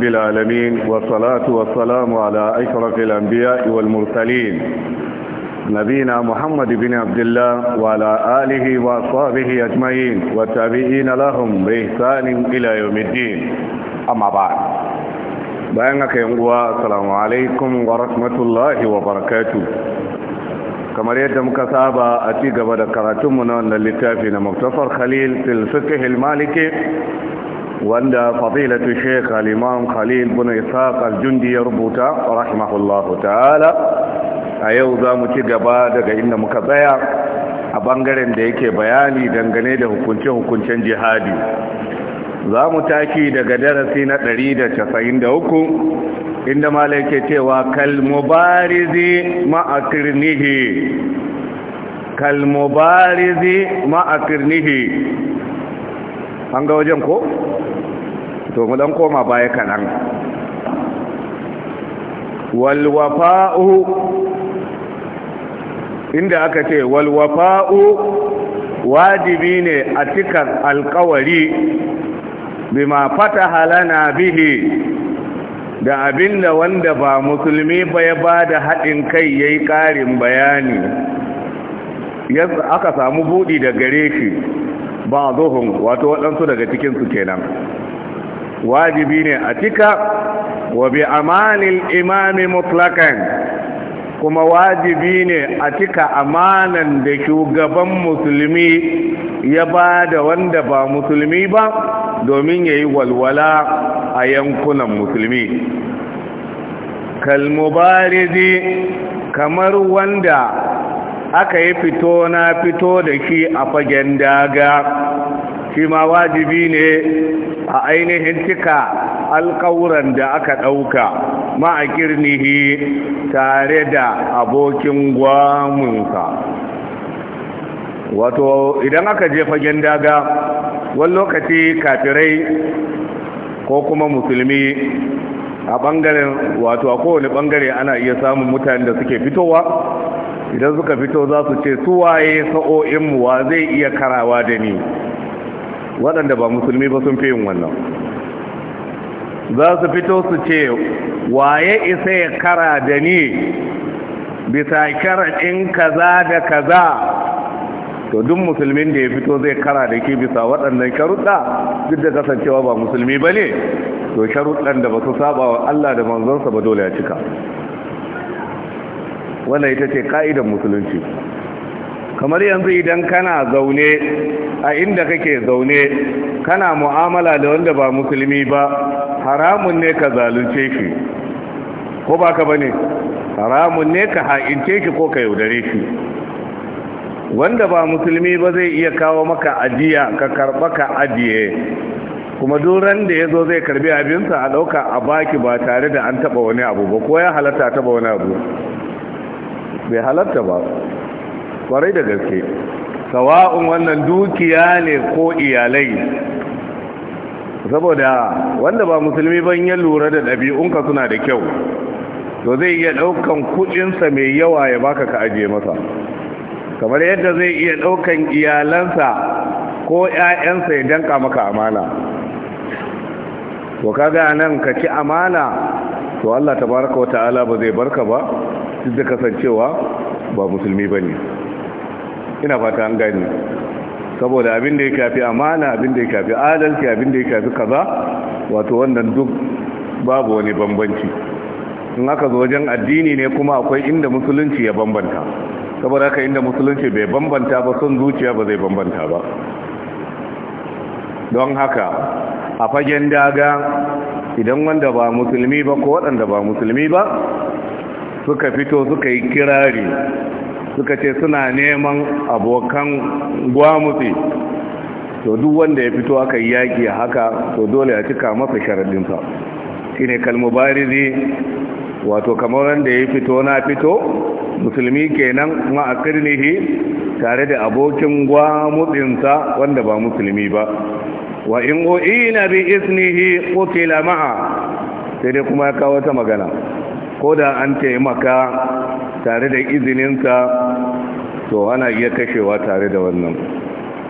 رب العالمين والصلاة والسلام على أشرف الأنبياء والمرسلين نبينا محمد بن عبد الله وعلى آله وصحبه أجمعين والتابعين لهم بإحسان إلى يوم الدين أما بعد بأنك ينقوى السلام عليكم ورحمة الله وبركاته كما yadda muka saba بدا كراتمنا gaba da karatunmu na wannan littafi na wanda fadilatu sheikh al-imam khalil bin ishaq al-jundi ya rubuta rahimahullahu ta'ala a yau za mu ci gaba daga inda muka tsaya a bangaren da yake bayani dangane da hukuncin hukuncin jihadi za mu taki daga darasi na 193 inda malai ke cewa kalmubarizi ma'akirnihi kalmubarizi ma'akirnihi an ga wajen ko to mu dan koma baya kaɗan walwafa'u inda aka ce walwafa'u wajibi ne a cikin alkawari bima fata halana bihi da abinda wanda ba musulmi ba ya ba da haɗin kai ya yi ƙarin bayani aka samu buɗi da gare shi ba zuhun wato waɗansu daga cikinsu kenan wajibi ne a cika wa bi amanil imami mutlakan kuma wajibi ne a cika amanan da shugaban musulmi ya ba da wanda ba musulmi ba domin ya yi walwala a yankunan musulmi kalmubarizi kamar wanda aka yi fito na fito da shi a fagen daga shi ma wajibi ne a ainihin cika alƙawuran da aka ɗauka ma'akirnihi tare da abokin gwamunka wato idan aka je fagen daga wani lokaci kafirai ko kuma musulmi a ɓangaren wato a kowane ɓangare ana iya samun mutane da suke fitowa idan suka fito za su ce su waye sa'o'inmu wa zai iya karawa da ni waɗanda ba musulmi ba sun fi yin wannan za su fito su ce waye isa ya kara da ni bisa karaɗin kaza da kaza to duk musulmin da ya fito zai kara da ke bisa waɗannan sharuɗa duk da kasancewa ba musulmi ba ne to sharuɗan da ba su saba wa Allah da manzansa ba dole ya cika wannan ita ce ka'idan musulunci kamar yanzu idan kana zaune a inda kake zaune kana mu'amala da wanda ba musulmi ba haramun ne ka zalunce shi ko ba ka bane haramun ne ka ha'ince shi ko ka yaudare shi wanda ba musulmi ba zai iya kawo maka ajiya ka karba ka ajiye kuma duran da ya zo zai karbi abinsa a ɗauka a baki ba tare da an taɓa wani abu ba ko ya halatta taɓa wani abu bai halatta ba kwarai da gaske sawa'un wannan dukiya ne ko iyalai saboda wanda ba musulmi ban ya lura da ɗabi'unka suna da kyau to zai iya ɗaukan kuɗinsa mai yawa ya baka ka ajiye masa kamar yadda zai iya ɗaukan iyalansa ko 'ya'yansa ya danka maka amana to kaga nan ka ci amana to Allah ta baraka wa ta'ala ba zai barka ba duk da kasancewa ba musulmi ba ne. ina fata an gani saboda abin da ya kafi amana abin da ya kafi adalci abin da ya kafi kaza wato wannan duk babu wani bambanci in aka zo wajen addini ne kuma akwai inda musulunci ya bambanta saboda haka inda musulunci bai bambanta ba son zuciya ba zai bambanta ba don haka a fagen daga idan wanda ba musulmi ba ko waɗanda ba musulmi ba suka fito suka yi kirari suka ce suna neman abokan gwamutse to duk wanda ya fito aka yaki haka to dole ya cika masa sharadinsa shi ne kalmubarizi wato kamar wanda ya fito na fito musulmi kenan ma'akirnihi tare da abokin gwamutsinsa wanda ba musulmi ba wa in na bi isnihi qutila ma'a sai dai kuma ya kawo ta magana ko da an taimaka tare da izininka to ana iya kashewa tare da wannan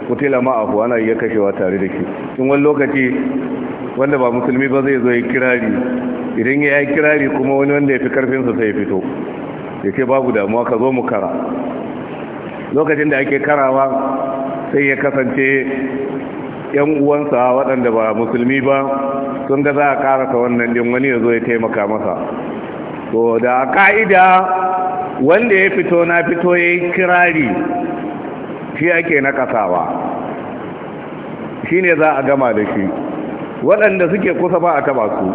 kutila ma'afu ana iya kashewa tare da shi in wani lokaci wanda ba musulmi ba zai zo ya kirari idan ya yi kirari kuma wani wanda ya fi karfinsa sai ya fito ya ce babu damuwa ka zo mu kara lokacin da ake karawa sai ya kasance yan uwansa waɗanda ba musulmi ba sun ga za a karasa wannan din wani ya zo ya taimaka masa to da ka'ida wanda ya fito na fito ya kirari shi ake na kasawa shi ne za a gama da shi waɗanda suke kusa ba a taba su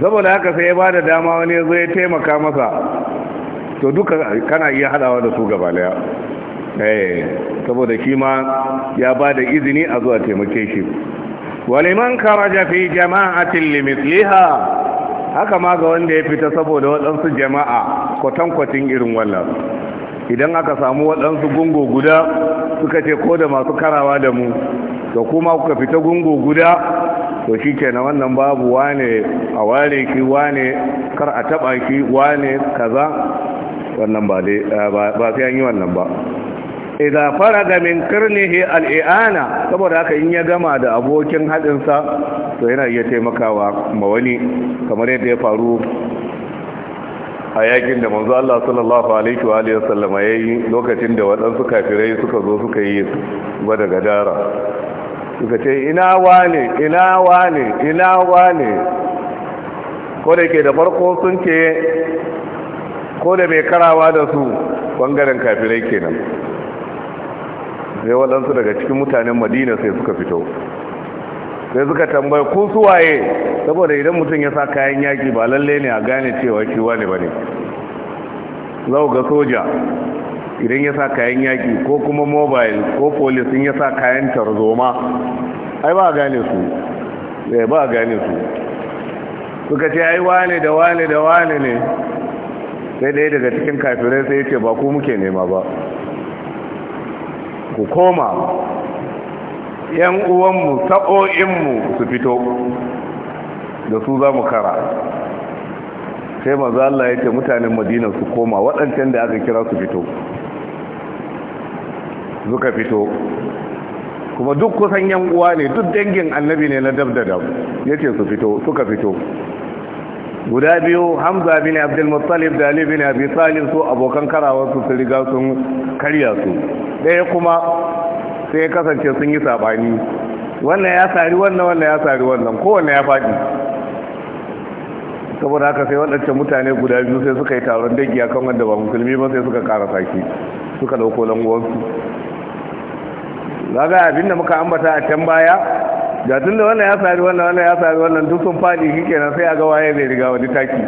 saboda haka sai ya ba da dama wani ya taimaka masa to duka kana iya haɗawa da su gaba daya eh, saboda shi ma ya ba da izini a zuwa taimake shi waliman karaja fi jama'atin limisliha haka ma ga wanda ya fita saboda waɗansu jama'a kwatankwacin irin wannan idan aka samu waɗansu gungo guda suka ce ko da masu karawa da mu to kuma kuka fita gungo guda to shi kenan wannan babu wane a ware ki wane kar a taɓa ki wane kaza wannan ba sai an yi wannan ba idza faraga min qirnihi al-i'ana saboda haka in ya gama da abokin haɗinsa, to yana iya taimakawa ma wani kamar yadda ya faru a yakin da manzo Allah sallallahu alaihi wa alihi wasallam yayi lokacin da waɗansu kafirai suka zo suka yi da gadara suka ce ina wane ina wane ina wane ko da ke da farko sun ce ko da mai karawa da su bangaren kafirai kenan sai waɗansu daga cikin mutanen madina sai suka fito sai suka tambaye ku suwaye saboda idan mutum ya sa kayan yaki ba lalle ne a gane cewa shi ba ne. zau ga soja idan ya sa kayan yaki ko kuma mobile ko police sun ya sa kayan tarzoma ai ba gane su eh ba gane su suka ce ai wane da wane da wane ne sai ɗaya daga cikin kafirai sai ya ce ba ku muke nema ba ku koma yan uwanmu ta'o'inmu su fito da su za mu kara sai maza Allah ya ce mutanen madina su koma waɗancan da aka kira su fito suka fito kuma duk kusan yan uwa ne duk dangin annabi ne na dabdada da dab ya ce su fito suka fito guda biyu hamza bin abdulmuttalib da ali bin abi talib su abokan karawarsu su riga sun karya su ɗaya kuma sai ya kasance sun yi saɓani wannan ya sari wannan wannan ya sari wannan kowanne ya faɗi saboda haka sai waɗancan mutane guda biyu sai suka yi taron dangi akan wanda ba musulmi ba sai suka ƙara saki suka ɗauko languwarsu zaga abinda muka ambata a can baya da tun da wannan ya sari wannan wannan ya sari wannan duk sun faɗi shi kenan sai a ga waye zai riga wani taki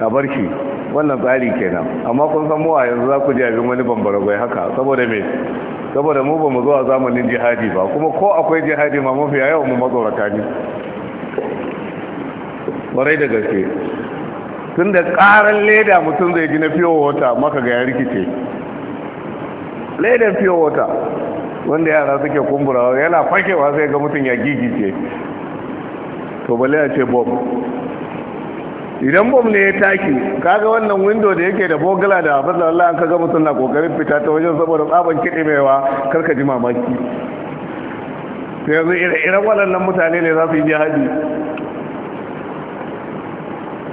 a bar shi wannan tsari kenan amma kun san mu a yanzu za ku ji abin wani bambaragwai haka saboda me saboda mu ba mu zuwa zamanin jihadi ba kuma ko akwai jihadi ma mafi yawan mu mazaurata ne warai da gaske tun da karan leda mutum zai ji na fiyo wata maka ga ya rikice Leda fiyo wata wanda yara suke kumburawa yana fakewa sai ga mutum ya gigice to bale ya ce bob idan Bob ne ya taki kaga wannan window da yake da bogala da fasa Allah an kaga mutum na kokarin fita ta wajen saboda tsaban wa karka ji mamaki sai yanzu irin waɗannan mutane ne za su yi jihadi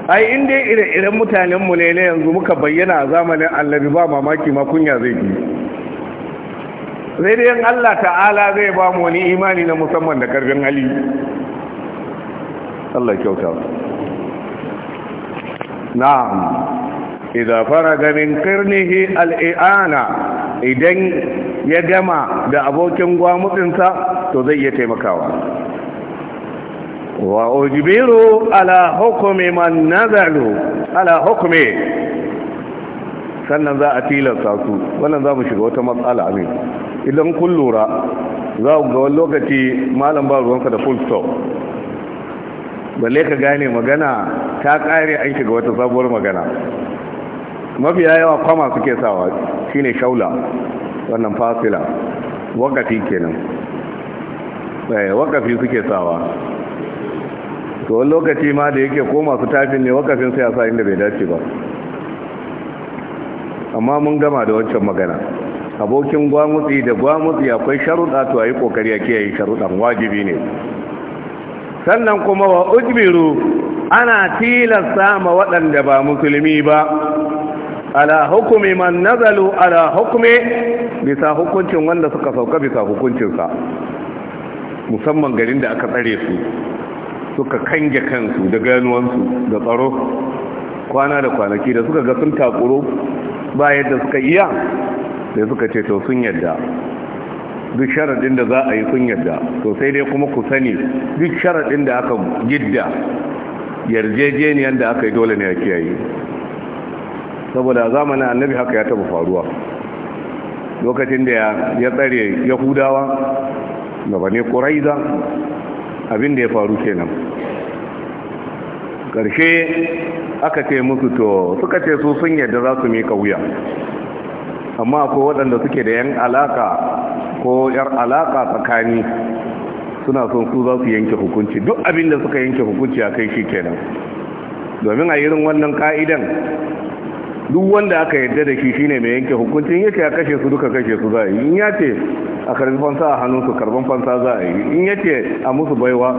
ai in dai ire-iren mutanenmu ne ne yanzu muka bayyana a zamanin allabi ba mamaki ma kunya zai yi sai dai in Allah ta'ala zai ba mu wani imani na musamman da karfin hali Allah kyauta na'am idza faraga min qirnihi al idan ya gama da abokin gwamutsinsa to zai iya taimakawa wa ujibiru ala hukmi man nazalu ala hukmi sannan za a tilasta su wannan za mu shiga wata matsala ne idan kun lura za ku ga wani lokaci malam ba ruwanka da full stop balle ka gane magana ta kare an shiga wata sabuwar magana mafiya yawa kwama suke sawa shine shaula wannan fasila wakafi kenan eh, wakafi suke sawa to wani lokaci ma da yake ko masu tafin ne wakafin sai a sa inda bai dace ba amma mun gama da wancan magana abokin gwamutsi da gwamutsi akwai sharuɗa to a yi ƙoƙari a kiyaye sharuɗan wajibi ne sannan kuma wa ujbiru ana tilasta ma waɗanda ba musulmi ba ala hukumi man nazalu ala hukumi bisa hukuncin wanda suka sauka bisa hukuncinsa musamman garin da aka tsare su suka kange kansu da ganuwansu da tsaro kwana da kwanaki da suka ga sun takuro ba yadda suka iya sai suka ce to sun yadda duk sharaɗin da za a yi sun yadda to sai dai kuma ku sani duk sharaɗin da aka gidda yarjejeniyar da aka yi dole ne a kiyaye saboda zamanin annabi haka ya taba faruwa lokacin da ya tsare yahudawa da bane ƙuraiza abin da ya faru kenan ƙarshe aka ce musu to suka ce su sun yadda za su mika wuya amma akwai waɗanda suke da yan alaka ko yar alaka tsakani suna son su za su yanke hukunci duk abin da suka yanke hukunci a kai shi kenan domin a irin wannan ka'idan duk wanda aka yadda da shi shine mai yanke hukunci in yake a kashe su duka kashe su za a yi in ya ce a karbi fansa a hannunsu karban fansa za a yi in ya ce a musu baiwa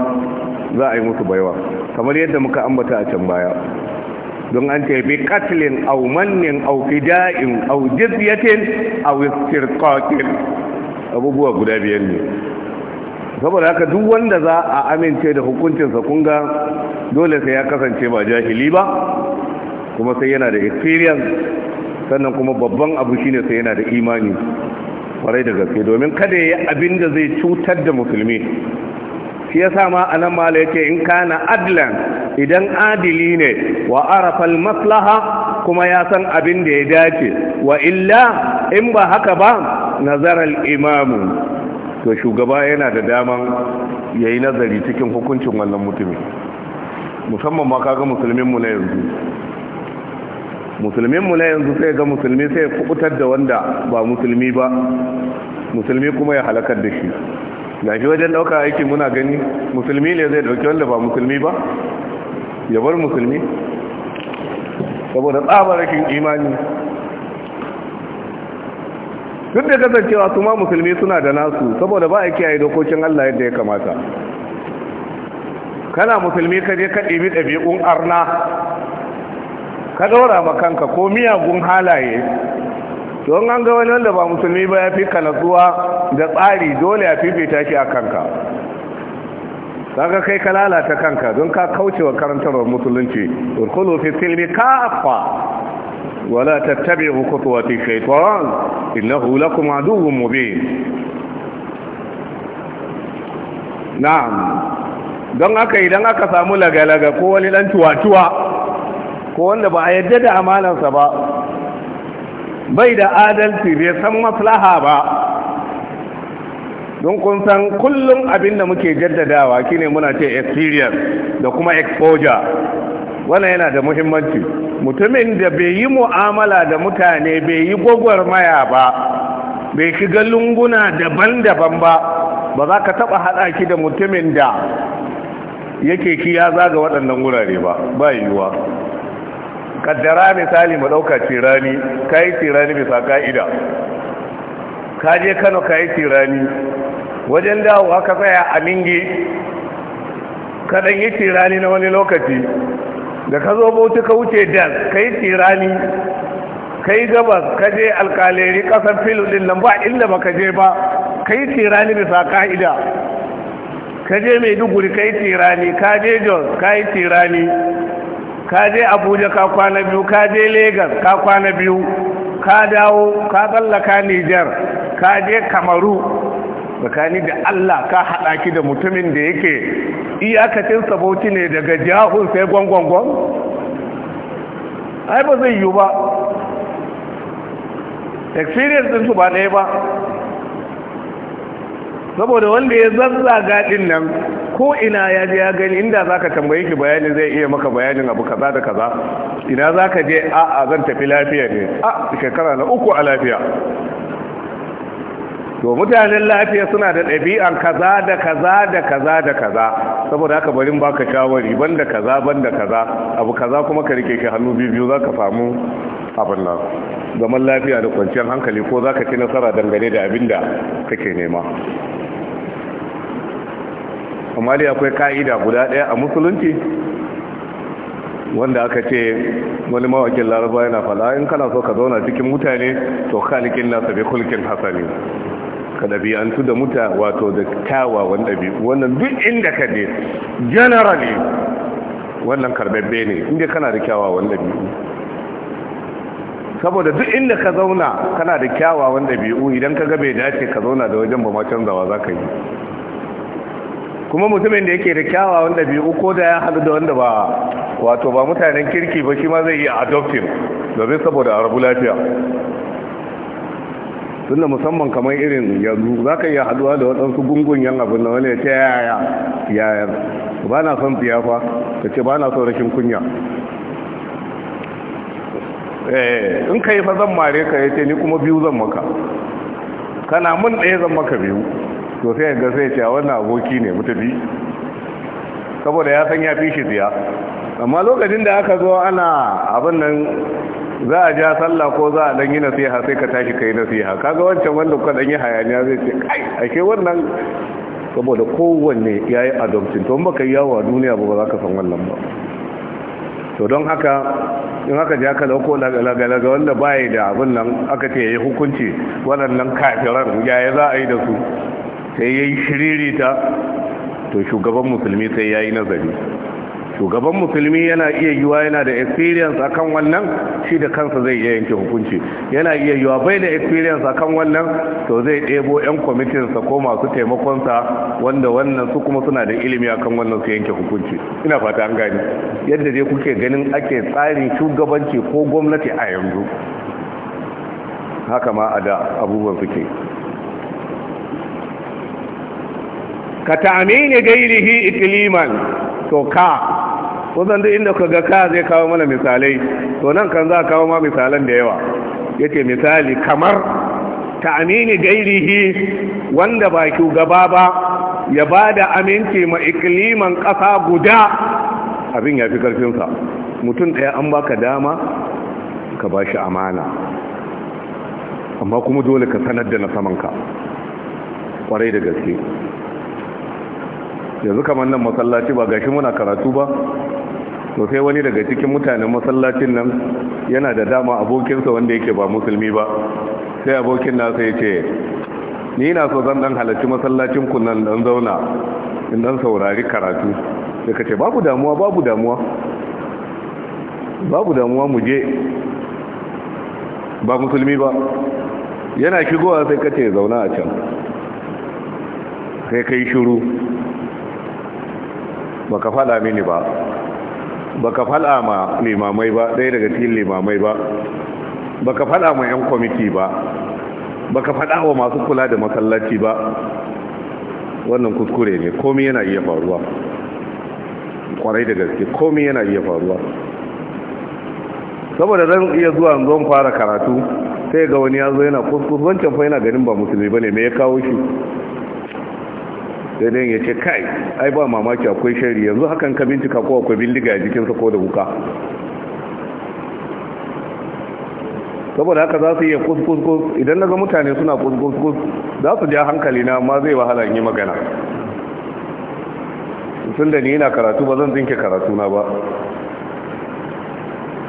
za a yi musu baiwa kamar yadda muka ambata a can baya don an ce bi katlin au mannin au fida'in au jizyatin au istirqaqin abubuwa guda biyar ne saboda haka duk wanda za a amince da hukuncin hukuncinsa kunga dole sai ya kasance ba jahili ba kuma sai yana da experience sannan kuma babban abu shine sai yana da imani kwarai da gaske domin kada ya abin da zai cutar da musulmi shi yasa ma anan mala yake in kana adlan idan adili ne wa arafal maslaha kuma ya san abin da ya dace wa illa in ba haka ba nazarar imamu to shugaba yana da daman yayi nazari cikin hukuncin wannan mutumin musamman ma kaga musulmin mu na yanzu musulmin na yanzu sai ga musulmi sai kubutar da wanda ba musulmi ba musulmi kuma ya halakar da shi shi wajen ɗauka aiki muna gani musulmi ne zai ɗauki wanda ba musulmi ba ya bar musulmi saboda tsabarakin imani duk da kasancewa su ma musulmi suna da nasu saboda ba a kiyaye dokokin Allah yadda ya kamata kana musulmi ka je ka ɗibi ɗabi'un arna ka ɗora ma kanka ko miyagun halaye to an ga wani wanda ba musulmi ba ya fi kanatsuwa da tsari dole ya fifita shi a kanka kaga kai ka lalata kanka don ka kaucewa karantarwar musulunci urkulu fi silmi Afa. wala tattabi'u khutuwati shaytan innahu lakum aduwwun mubin na'am don haka idan aka samu lagalaga ko wani dan tuwa ko wanda ba a yadda da amalansa ba bai da adalci bai san maslaha ba don kun san kullum abin da muke jaddadawa shine muna ce experience da kuma exposure wannan yana da muhimmanci mutumin da bai yi mu'amala da mutane bai yi gwagwarmaya ba bai shiga lunguna daban-daban ba ba za ka taɓa haɗa ki da mutumin da yake ki ya zaga waɗannan wurare ba ba yiwuwa kaddara misali mu dauka tirani kai tirani bisa ka'ida ka je Kano kai tirani wajen dawo aka tsaya a Ningi ka dan yi tirani na wani lokaci da ka zo bauti ka wuce Dan kai tirani kai gabas ka je alkaleri kasar filu din nan ba inda baka je ba kai tirani bisa ka'ida ka je Maiduguri kai tirani ka je Jos kai tirani kaje abuja ka kwana biyu ka je Legas ka kwana biyu ka dawo ka tsallaka nijar kaje kamaru tsakani da allah ka haɗa ki da mutumin da yake iyakacin saboti ne daga jahun sai gwangwangwan ai ba zai yiwu ba experience ɗinsu ba ɗaya ba saboda wanda ya zazzaga gaɗin nan ko ina ya je ya gani inda zaka tambaye ki bayani zai iya maka bayanin abu kaza da kaza ina zaka je a a zan tafi lafiya ne a shekara na uku a lafiya to mutanen lafiya suna da ɗabi'an kaza da kaza da kaza da kaza saboda haka barin baka shawari ban da kaza ban da kaza abu kaza kuma ka rike ki hannu biyu biyu zaka samu abin nan zaman lafiya da kwanciyar hankali ko zaka ci nasara dangane da abin da kake nema kamar ya akwai ka'ida guda ɗaya a musulunci wanda aka ce wani mawakin laraba yana fada in kana so ka zauna cikin mutane to kalikin nasa bi kulkin hasani ka ɗabi'antu da muta wato da kyawa wanda bi wannan duk inda ka je generally wannan karbabbe ne inda kana da kyawa wanda bi saboda duk inda ka zauna kana da kyawawan ɗabi'u idan ka ga bai dace ka zauna da wajen ba ma canzawa za ka yi kuma mutumin da yake da kyawa wanda bi ko da ya haɗu da wanda ba wato ba mutanen kirki ba shi ma zai iya adoptin domin saboda arabu lafiya tunda musamman kamar irin yanzu za ka iya haduwa da waɗansu gungun yan abin da wani ya ce yaya yaya ba na son tiyafa ka ce ba na son rashin kunya eh, in ka yi fa zan mare ka ya ce ni kuma biyu zan maka kana mun ɗaya zan maka biyu to sai ga sai ce wannan aboki ne mutubi saboda ya san ya fi shi ziya amma lokacin da aka zo ana abin nan za a ja sallah ko za a dan yi nasiha sai ka tashi kai nasiha kaga wancan wanda kuka dan yi hayaniya zai ce kai ake wannan saboda kowanne ya yi adoptin to baka yi yawa a duniya ba za ka san wannan ba to don haka in haka ji aka dauko lagalaga wanda bayi da abin nan aka ce ya yi hukunci waɗannan kafiran yaya za a yi da su sai ya yi shiririta to shugaban musulmi sai ya yi nazari shugaban musulmi yana iya yiwa yana da experience akan wannan shi da kansa zai iya yanke hukunci yana iya yiwa bai da experience akan wannan to zai ɗebo 'yan kwamitinsa ko masu taimakonsa wanda wannan su kuma suna da ilimi akan wannan su yanke hukunci ina fata an gani yadda dai kuke ganin ake tsarin shugabanci ko gwamnati a yanzu haka ma a da abubuwan suke ka ta'amini gairihi ikliman to ka kusan duk inda kaga ka zai kawo mana misalai to nan kan za kawo ma misalan da yawa yake misali kamar ta'amini gairihi wanda ba gaba ba ya ba da aminci ma ikiliman ƙasa guda abin ya fi karfinsa mutum ɗaya an baka dama ka ba shi amana amma kuma dole ka sanar da na samanka kwarai da gaske yanzu kamar nan masallaci ba gashi muna karatu ba to sai wani daga cikin mutanen masallacin nan yana da dama abokinsa wanda yake ba musulmi ba sai abokin nasa ya ce ni na so zan dan halarci masallacin ku nan dan zauna in dan saurari karatu sai ka ce babu damuwa babu damuwa babu damuwa mu je ba musulmi ba yana shigowa sai ka ce zauna a can sai ka yi shuru baka fada mini ba baka fada ma limamai ba ɗaya daga cikin limamai ba baka fada ma yan kwamiti ba baka fada wa masu kula da masallaci ba wannan kuskure ne komai yana iya faruwa kwarai da gaske komai yana iya faruwa saboda zan iya zuwa zan fara karatu sai ga wani ya zo yana kuskus wancan fa yana ganin ba musulmi bane me ya kawo shi da dai ya ce kai ai ba mamaki akwai shari yanzu hakan ka bincika ko akwai bindiga a jikinsa ko da wuka saboda haka za su iya kuskus idan na ga mutane suna kuskus za su ja hankali na ma zai wahala in yi magana sun da ni yana karatu ba zan zinke karatu na ba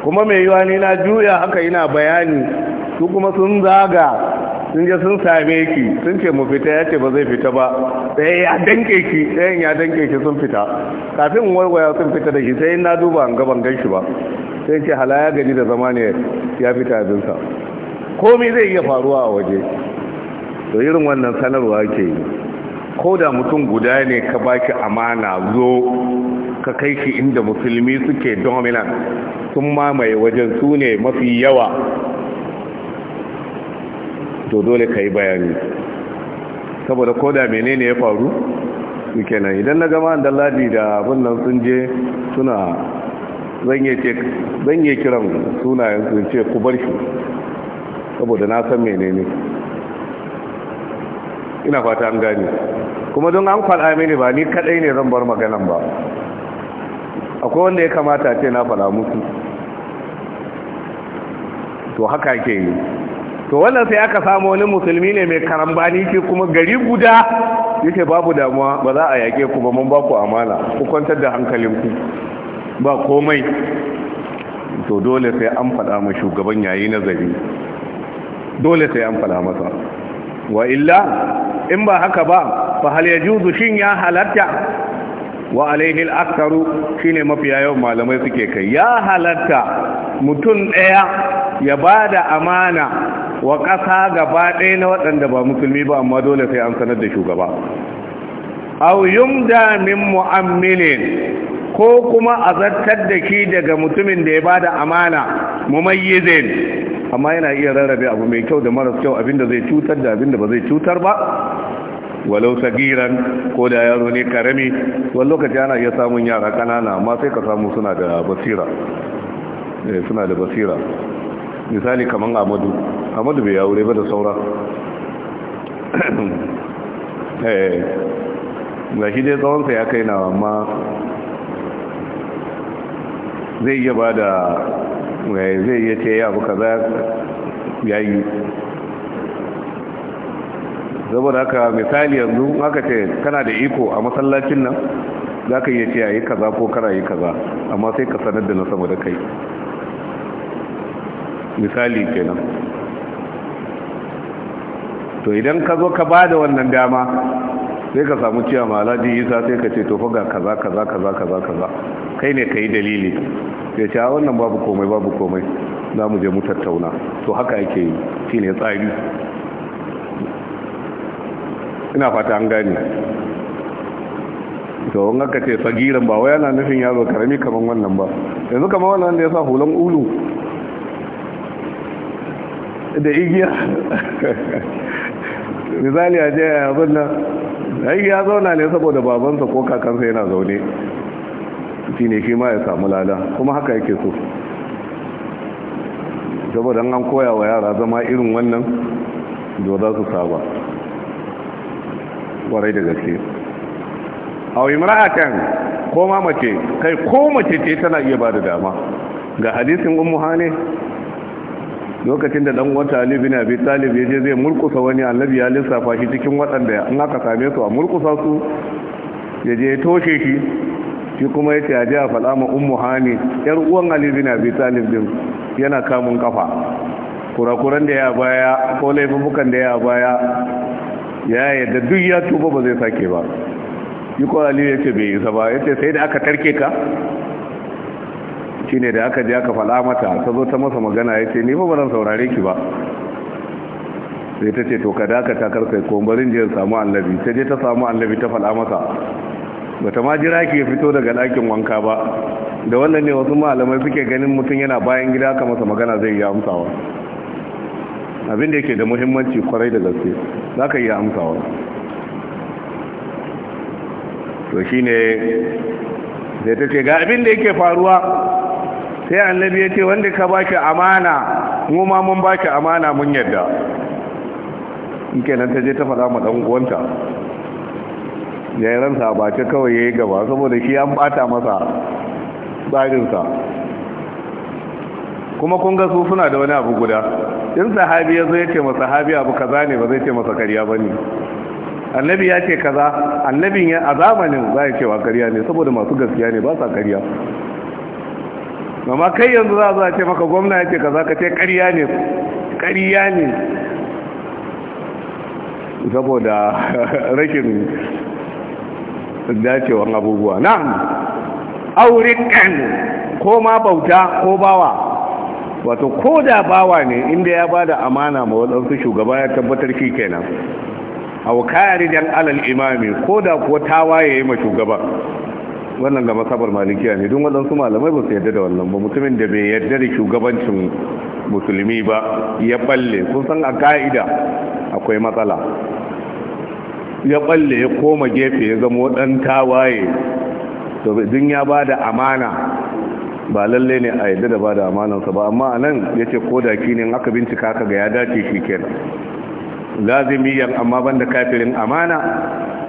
kuma mai yiwa ni na juya haka ina bayani su kuma sun zaga sun je sun same ki sun ce mu fita ya ce ba zai fita ba sai ya danke ki sai ya danke ki sun fita kafin warwaya sun fita da shi sai na duba an gaban shi ba sai ce hala ya gani da zama ne ya fita abinsa komai zai iya faruwa a waje to irin wannan sanarwa ke yi ko da mutum guda ne ka baki amana zo ka kai shi inda musulmi suke dominant sun mamaye wajen su ne mafi yawa to dole ka yi bayani saboda koda menene ya faru kenan idan na gama da ladi da abin nan sun je suna zan yi kiran sunayen sun ce ku bar shi saboda na san menene ina fata an gane kuma don an fada mini ba ni kadai ne zan bar maganan ba akwai wanda ya kamata ce na faɗa musu to haka ke yi to wannan sai aka samu wani musulmi ne mai karambani ke kuma gari guda yake babu damuwa ba za a yake ku ba mun ba ku amana ku kwantar da hankalinku ba komai to dole sai an faɗa ma shugaban yayi nazari dole sai an faɗa masa wa illa in ba haka ba fa hal yajuzu shin ya halatta wa alaihi al shine mafiya yawan malamai suke kai ya halatta mutum ɗaya ya ba da amana wa ƙasa gaba ɗaya na waɗanda ba musulmi ba amma dole sai an sanar da shugaba au yumda min mu'amminin ko kuma a zartar da shi daga mutumin da ya bada amana mu mumayyizin amma yana iya rarrabe abu mai kyau da maras kyau abinda zai cutar da abinda ba zai cutar ba walau sagiran ko da yaro ne karami wani lokaci ana iya samun yara kanana amma sai ka samu suna da basira eh, misali kaman amadu amadu bai aure ba da saura eh, ga shi dai tsawonsa ya kai nawa amma zai iya ba da eh, zai iya ce ya buka kaza ya yi saboda haka misali yanzu haka ce kana da iko a masallacin nan za ka iya ce a yi kaza ko kana yi kaza amma sai ka sanar da na sama da kai misali kenan to idan ka zo ka bada wannan dama sai ka samu ciya malaji isa sai ka ce tofa ga kaza kaza kaza kaza kaza kai ne ka yi dalili sai ce wannan babu komai babu komai za mu je mu tattauna to haka yake yi shi ne tsari ina fata an gani to wani aka ce tsagiran ba wai yana nufin yaro karami kamar wannan ba yanzu kamar wannan da ya sa hulan ulu da igiya misali a je ya zauna da ya zauna ne saboda babansa ko kakansa yana zaune shi ne shi ma ya samu lada kuma haka yake so saboda an koya wa yara zama irin wannan da za su saba Warai da gaske a imra'atan ko ma mace kai ko mace ce tana iya ba da dama ga hadisin umu hane lokacin da dan wata Ali ne Abi Talib ya je zai murkusa wani annabi ya lissafa shi cikin waɗanda in aka same su a murkusa su ya toshe shi shi kuma yace ya a faɗa ma ummu hani yar uwan Ali bin Abi Talib din yana kamun kafa kurakuran da ya baya ko laifukan da ya baya ya yadda duk ya tuba ba zai sake ba shi ko Ali yace bai isa ba yace sai da aka tarke ka ne da aka je aka faɗa mata ta zo ta masa magana ya ce ni ba zan saurare ki ba sai ta ce to ka dakata karkai ko barin jiyar samu annabi ta je ta samu annabi ta faɗa masa ta ma jira ki fito daga ɗakin wanka ba da wannan ne wasu malamai suke ganin mutum yana bayan gida aka masa magana zai iya amsawa abin da yake da muhimmanci kwarai da gaske za ka iya amsawa to shi ne ta ce ga abin da yake faruwa sai annabi ya ce wanda ka baki amana mu ma mun baki amana mun yadda in kenan ta je ta faɗa ma ɗan uwanta jairansa ba ta kawai ya yi gaba saboda shi an bata masa tsarinsa kuma kun ga su suna da wani abu guda in sahabi ya zo ya ce ma sahabi abu kaza ne ba zai ce masa karya ba ne annabi ya ce kaza annabin ya a zamanin za ya cewa karya ne saboda masu gaskiya ne ba sa karya amma kai yanzu za a ce maka gwamna ya ce ka za ka ce ƙarya ne ne saboda rashin dacewan abubuwa na aurikan ko ma bauta ko bawa wato ko da bawa ne inda ya bada amana ma waɗansu shugaba ya tabbatar shi kenan a wakari don alal imami ko da kuwa tawaye ma shugaba wannan ga masabar malikiya ne don waɗansu malamai ba su yadda da wannan ba mutumin da bai yadda da shugabancin musulmi ba ya balle kun san a ka'ida akwai matsala ya balle ya koma gefe ya zama ɗan tawaye to din ya ba da amana ba lalle ne a yadda da ba da amanansa ba amma a nan ya ce ko da kinin aka bincika ka ga ya dace shi kenan lazimiyan amma ban da kafirin amana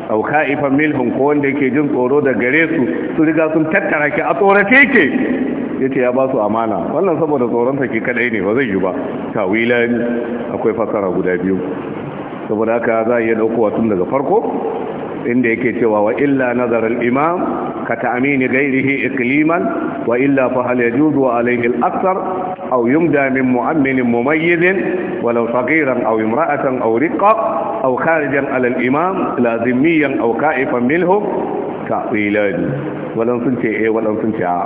auka ifan milhun ko wanda yake jin tsoro da gare su su riga sun tattara ki a tsorace ke yace ya ba su amana wannan saboda tsoron sa ke kadai ne ba zai yi ba tawilani akwai fasara guda biyu saboda haka za a iya daukowa tun daga farko inda yake cewa wa illa nazar al-imam ka ta'mini ghairihi iqliman wa illa fa hal yajudu alayhi al-akthar aw yumda min mu'ammin mumayyiz walau saghiran aw imra'atan aw riqqa aw kharijan ala al-imam lazimiyan aw ka'ifan minhum ta'wilan walan sun eh walan sun ce a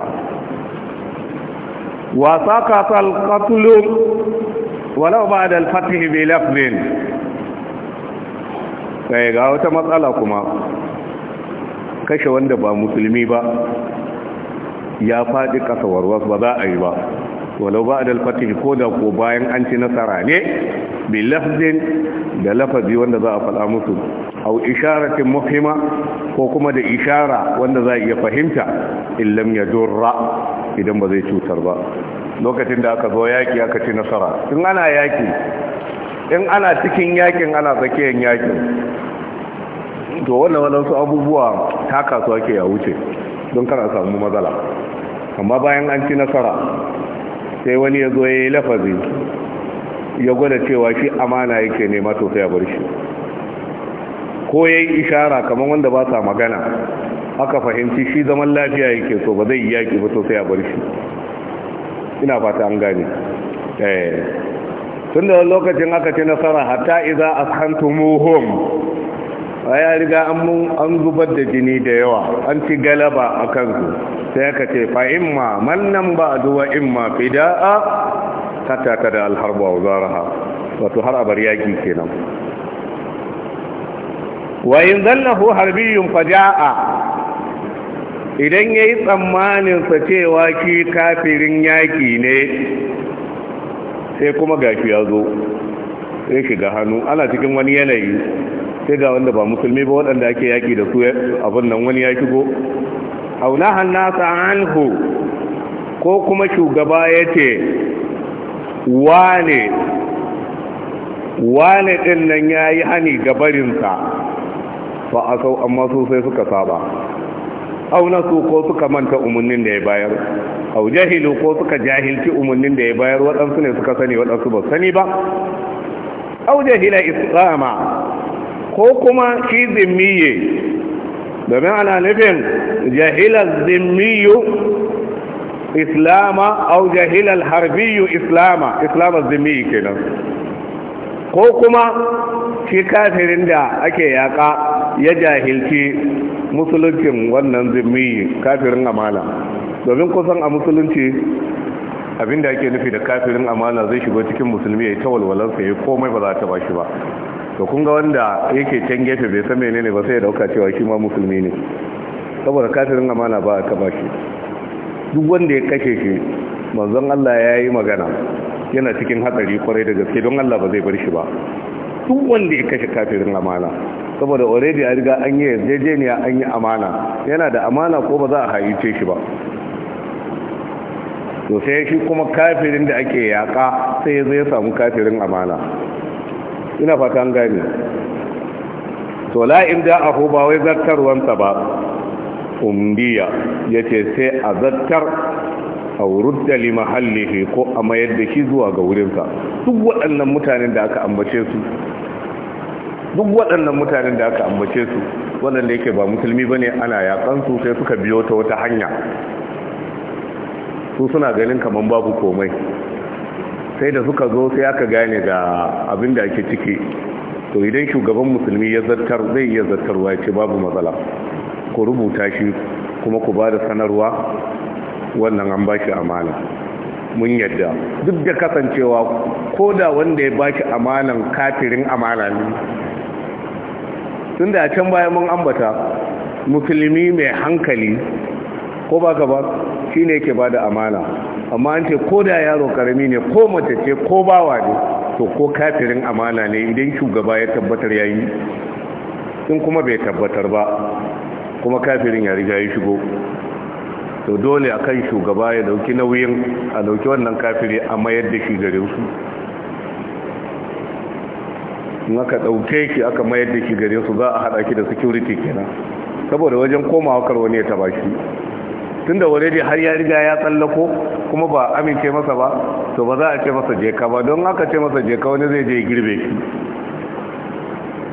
wa saqa al-qatl walau ba'da al-fath bi lafzin sai eh, ga wata matsala kuma kashe wanda ba musulmi ba ya faɗi ƙasa warwas ba za a yi ba walau ba da alfatih ko da ko bayan an ci nasara ne bi lafzin da lafazi wanda za a faɗa musu au isharatin muhimma ko kuma da ishara wanda za a iya fahimta illam ya durra idan ba zai cutar ba lokacin da aka zo yaki aka ci nasara in ana yaki in ana cikin yakin ana tsakiyar yakin to wannan wadansu abubuwa ta kasuwa ke ya wuce don kana samu matsala amma bayan an ci nasara sai wani ya zo ya yi lafazi ya gwada cewa shi amana yake nema to sai ya bar shi ko ya yi ishara kamar wanda ba sa magana aka fahimci shi zaman lafiya yake so ba zai yi yaki ba to sai bar shi ina fata an gane eh. tunda lokacin aka ci nasara hatta idza a ya riga an zubar da jini da yawa an ci galaba a kansu sai aka ce fa imma mannan ba duwa imma fida'a hatta kada alharba wa zaraha wato har abar yaki kenan wa in zannahu harbiyyun faja'a idan yayi tsammanin sa cewa ki kafirin yaki ne sai kuma gashi ya zo sai shiga hannu ana cikin wani yanayi sai ga wanda ba musulmi ba waɗanda ake yaƙi da su abin nan wani ya shigo auna hannasa anhu ko kuma shugaba ya ce wane wane ɗin nan ya yi hannu gabarinsa ba a sau amma sosai suka saba aw su ko suka manta umarnin da ya bayar au jahilu ko suka jahilci umarnin da ya bayar waɗansu ne suka sani waɗansu ba sani ba au jahila islama ko kuma shi zimmiye domin ana nufin jahila zimmiyu islama aw jahila alharbiyu islama islama zimmiyi kenan ko kuma shi kafirin da ake yaƙa ya jahilci musuluncin wannan zimmi kafirin amana domin kusan a musulunci abinda ake nufi da kafirin amana zai shigo cikin musulmi ya yi ta walwalarsa ya yi komai ba za ta ba shi ba to kun ga wanda yake can gefe bai san menene ba sai ya dauka cewa shi ma musulmi ne saboda kafirin amana ba a ba shi duk wanda ya kashe shi manzon Allah ya yi magana yana cikin hatsari kwarai da gaske don Allah ba zai bar shi ba duk wanda ya kashe kafirin amana saboda already ya riga an yi yarjejeniya an yi amana yana da amana ko ba za a haice shi ba to sai shi kuma kafirin da ake yaƙa sai zai samu kafirin amana ina fata an gane to in da ahu ba wai ba umdiya ya ce sai a zartar a rudda limahallihi ko a mayar da shi zuwa ga wurinsa duk waɗannan mutanen da aka ambace su duk waɗannan mutanen da aka ambace su waɗanda yake ba musulmi ba ne ana yaƙansu sai suka biyo ta wata hanya su suna ganin kamar babu komai sai da suka zo sai aka gane ga abin da ake ciki to idan shugaban musulmi ya zartar zai iya zartarwa ya ce babu matsala ku rubuta shi kuma ku ba da sanarwa wannan an ba shi amana mun yadda duk da kasancewa ko da wanda ya ba shi amanan kafirin amana ne tun da a can baya mun ambata musulmi mai hankali ko ba gaba shi ne ke ba da amana amma an ce ko da yaro karami ne ko mace ce ko bawa ne to ko kafirin amana ne idan shugaba ya tabbatar ya yi in kuma bai tabbatar ba kuma kafirin ya riga ya shigo to dole a kan shugaba ya dauki nauyin a dauki wannan kafiri a mayar da shi su in aka ɗauke ki aka mayar da ki gare su za a haɗa ki da security kenan saboda wajen komawa kar wani ya taba shi tunda da har ya riga ya tsallako kuma ba amince masa ba to ba za a ce masa jeka ba don aka ce masa jeka wani zai je girbe shi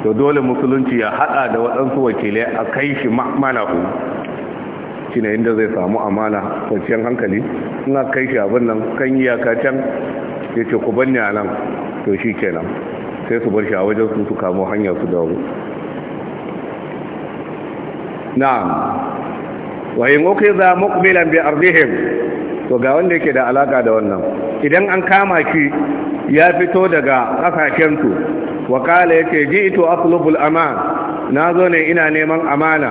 to dole musulunci ya haɗa da waɗansu wakilai a kai shi mana ku shi inda zai samu amana kwanciyar hankali ina kai shi abin nan kan iyaka can ya ce ku banni a nan to shi kenan sai su bar shi a wajen su su kamo hanya su dawo na'am wa in ukiza muqbilan bi ardihim to ga wanda yake da alaka da wannan idan an kama shi ya fito daga Wakala su wa kala yake ji'tu amma aman zo ne ina neman amana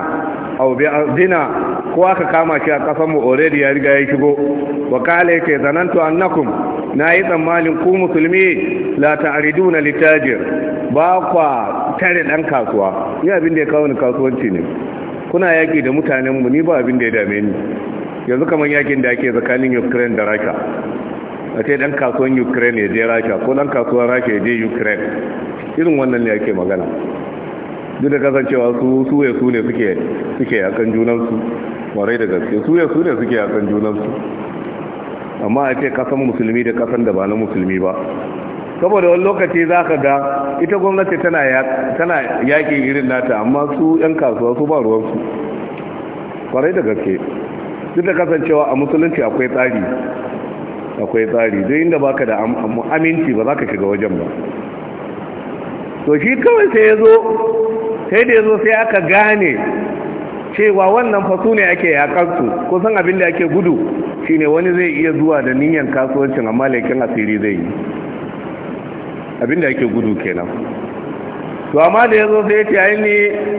aw bi ardina ko aka kama shi a kasan mu already ya riga ya shigo wa kale yake zanantu annakum na yi tsammanin ku musulmi la ta'riduna litajir ba kwa tare dan kasuwa ni abin da ya kawo ni kasuwanci ne kuna yaki da mutanen mu ni ba abin da ya dame ni yanzu kaman yakin da ake tsakanin Ukraine da Rasha a ce dan kasuwan Ukraine ya je Rasha ko dan kasuwan Rasha ya je Ukraine irin wannan ne yake magana duk da kasancewa su suya su ne suke suke yakan junansu warai da gaske suya su ne suke yakan junansu amma a ce kasan musulmi da kasan da ba na musulmi ba saboda wani lokaci za ka ga ita gwamnati tana yaƙi irin nata amma su 'yan kasuwa su ba ruwansu kwarai da gaske duk da kasancewa a musulunci akwai tsari akwai tsari duk inda baka da aminci ba za ka shiga wajen ba to shi kawai sai ya zo sai da ya zo sai aka gane cewa wannan fasu ne ake ko kusan abin da ake gudu shi ne wani zai iya zuwa da niyan kasuwancin amma laikin asiri zai yi abin da ake gudu kenan to amma da ya zo sai ya ce ai ni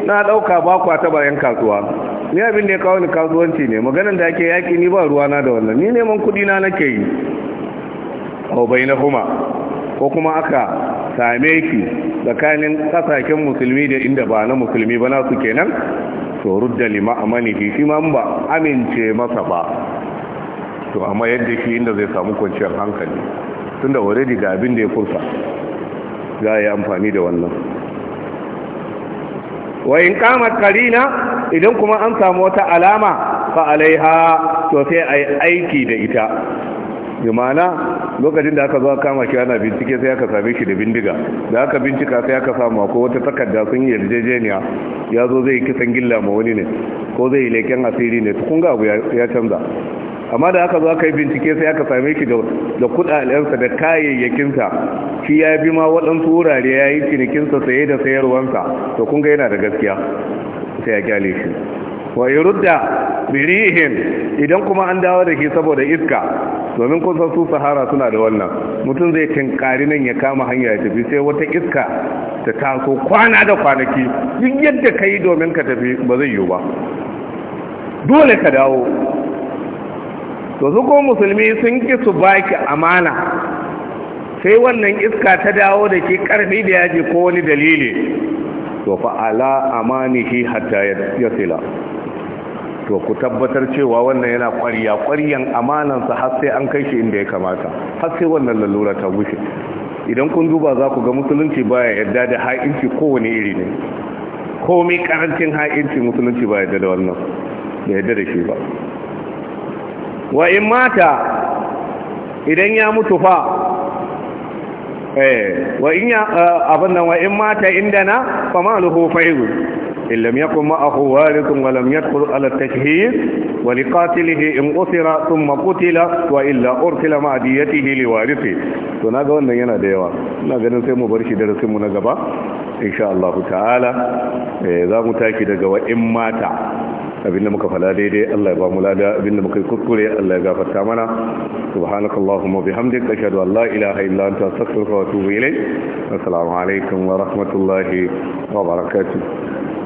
na ɗauka ba kwa yan kasuwa ni abin da ya kawo ni kasuwanci ne maganin da ake yaƙi ni ba ruwana da wannan ni neman kuɗi na nake yi bai na kuma ko kuma aka same shi tsakanin kasashen musulmi da inda ba na musulmi ba nasu kenan to rudda lima amanihi shi ma ba amince masa ba to amma yadda shi inda zai samu kwanciyar hankali tunda already ga abin da ya kursa za a yi amfani da wannan wa in qamat qarina idan kuma an samu wata alama fa alaiha to sai ai aiki da ita imana lokacin da aka zo kama shi ana bincike sai aka same shi da bindiga da aka bincika sai aka samu ko wata takarda sun yi yarjejeniya ya zo zai kisan gilla ma wani ne ko zai leken asiri ne tukun ga abu ya canza amma da aka zo aka yi bincike sai aka same shi da kudalensa da kayayyakinsa shi ya bi ma waɗansu wurare ya yi cinikinsa saye da sayarwansa to kun ga yana da gaskiya sai ya gyale shi wa irudda birihin idan kuma an dawo da shi saboda iska domin kun su sahara suna da wannan mutum zai tinkari nan ya kama hanya ya tafi sai wata iska ta taso kwana da kwanaki duk yadda ka yi domin ka tafi ba zai yiwu ba dole ka dawo to su kuma musulmi sun ki su baki amana sai wannan iska ta dawo da ke karfi da yaji ko wani dalili to fa ala amanihi hatta yasila to ku tabbatar cewa wannan yana kwariya kwariyan amanansa har sai an kai shi inda ya kamata har sai wannan lalura ta gushe idan kun duba za ku ga musulunci baya yadda da ha'inci kowane iri ne komai karancin ha'inci musulunci ba yadda da wannan da yadda da shi ba wa in mata idan ya mutu fa eh wa in ya eh, abin nan wa in mata indana fa maluhu fa'idun إن لم يكن معه وارث ولم يدخل على التشهيد ولقاتله إن أسر ثم قتل وإلا أرسل مع ديته لوارثه تناغا وانا ينا ديوا ناغا نسيم برشي درسيم نغبا إن شاء الله تعالى إذا متاكد جوا إن مات abinda muka fada daidai Allah ya ba mu lada abinda muka yi kuskure Allah ya gafarta mana subhanaka allahumma bihamdika ashhadu an la ilaha illa anta astaghfiruka wa atubu ilayk assalamu alaikum wa rahmatullahi wa barakatuh